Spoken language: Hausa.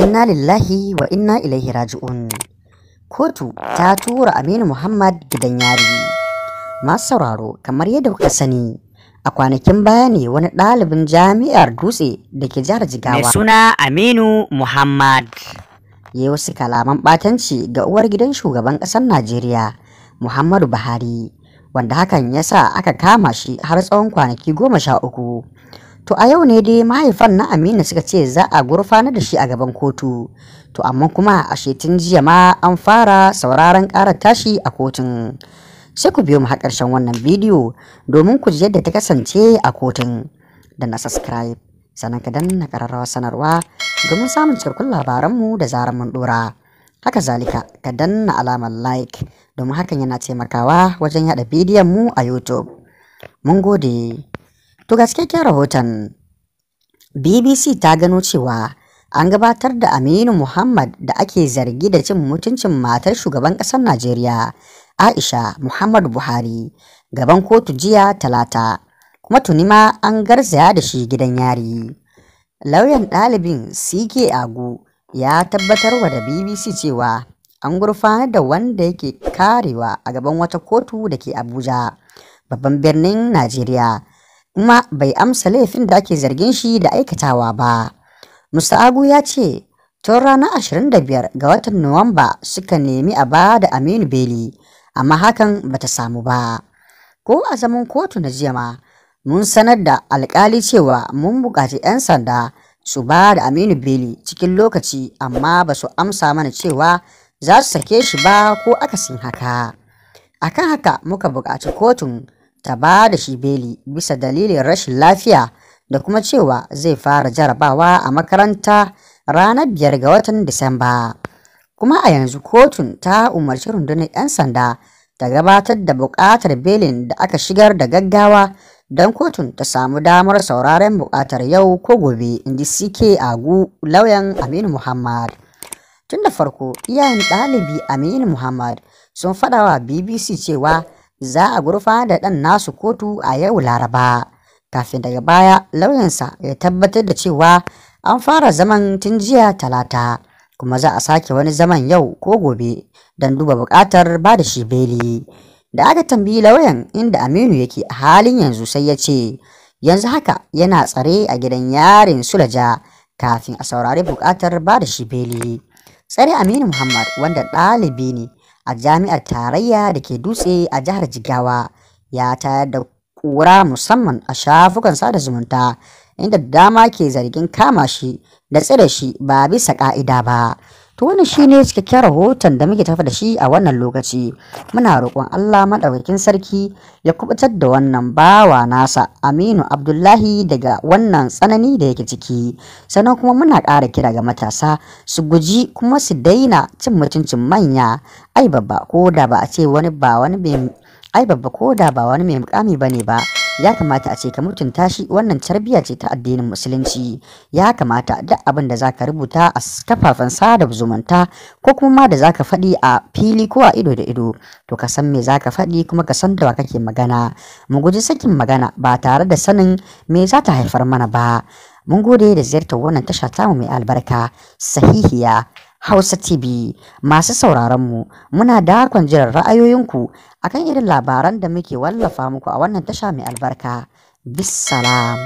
inna lillahi wa inna ilaihi raji'un kotu ta tura aminu muhammad gidan yari masu sauraro kamar yadda kuka sani a kwanakin baya ne wani ɗalibin jami'ar dutse da ke jihar jigawa mai suna aminu muhammad ya wasu kalaman ɓatanci ga uwar gidan shugaban ƙasar najeriya muhammadu buhari wanda hakan ya sa aka kama shi har tsawon kwanaki goma sha uku To a yau ne dai mahaifan na Aminu suka ce za a gurfana da shi a gaban kotu. To amma kuma a shetin jiya ma an fara sauraron ƙarar tashi a kotun. Sai ku biyo mu har ƙarshen wannan bidiyo domin ku ji yadda ta kasance a kotun. Da na subscribe sannan ka danna ƙararrawar sanarwa domin samun cikakkun labaranmu da zarar mun ɗora. Haka zalika ka danna alamar like domin hakan yana taimakawa wajen yada bidiyon mu a YouTube. Mun gode. To ga cikakken rahoton BBC ta gano cewa an gabatar da Aminu Muhammad da ake zargi da cin mutuncin matar shugaban ƙasar Najeriya Aisha Muhammad Buhari gaban kotu jiya talata kuma tuni ma an garzaya da shi gidan yari. Lauyan ɗalibin CK Agu ya tabbatar wa da BBC cewa an gurfanar da wanda yake karewa a gaban wata kotu da ke Abuja babban birnin Najeriya kuma bai amsa laifin da ake zargin shi da aikatawa ba. Mr. Agu ya ce, tun ranar 25 ga watan Nuwamba suka nemi a ba da Aminu Beli, amma hakan bata samu ba. Ko a zaman kotu na jiya ma, mun sanar da alƙali cewa mun buƙaci 'yan sanda su ba da Aminu Beli cikin lokaci amma ba su amsa mana cewa za su sake shi ba ko akasin haka. Akan haka muka buƙaci kotun ta ba da shi beli bisa dalilin rashin lafiya da kuma cewa zai fara jarabawa a makaranta ranar biyar ga watan Disamba. Kuma a yanzu kotun ta umarci rundunar 'yan sanda ta gabatar da buƙatar belin da aka shigar da gaggawa don kotun ta samu damar sauraren buƙatar yau ko gobe inji suke Agu lauyan Aminu Muhammad. Tun da farko iyayen ɗalibi Aminu Muhammad sun faɗawa BBC cewa za a gurfa da ɗan nasu kotu a yau laraba kafin daga baya lauyansa ya tabbatar da cewa an fara zaman tun jiya talata kuma za a sake wani zaman yau ko gobe don duba buƙatar ba da shi beli da aka tambayi lauyan inda aminu yake a halin yanzu sai ya ce yanzu haka yana tsare a gidan yarin sulaja kafin a saurari buƙatar ba da shi beli tsare aminu muhammad wanda ɗalibi ne a jami'ar tarayya da ke dutse a jihar jigawa ya tayar da kura musamman a shafukan sada zumunta inda dama ke zargin kama shi da tsire shi ba bisa ka'ida ba To wannan shine cikakken rahoton da muke tafi da shi a wannan lokaci. Muna roƙon Allah madaukakin sarki ya kubutar da wannan bawa nasa Aminu Abdullahi daga wannan tsanani da yake ciki. Sannan kuma muna ƙara kira ga matasa su guji kuma su daina cin mutuncin manya. Ai babba ko da ba a ce wani ba wani mai ai babba ko ba wani mai mukami bane ba. ya kamata a ce ka mutunta shi wannan tarbiyya ce ta addinin musulunci ya kamata duk abin da zaka rubuta a kafafen sada zumunta ko kuma ma da zaka faɗi a fili ko a ido da ido to ka san me zaka faɗi kuma ka san da wa kake magana mu guji sakin magana ba tare da sanin me za ta haifar mana ba mun gode da ziyartar wannan tasha tamu mai albarka sahihiya Hausa TV masu sauraronmu muna da jiran ra'ayoyinku akan irin labaran da muke wallafa muku a wannan tasha mai albarka. Bissalam.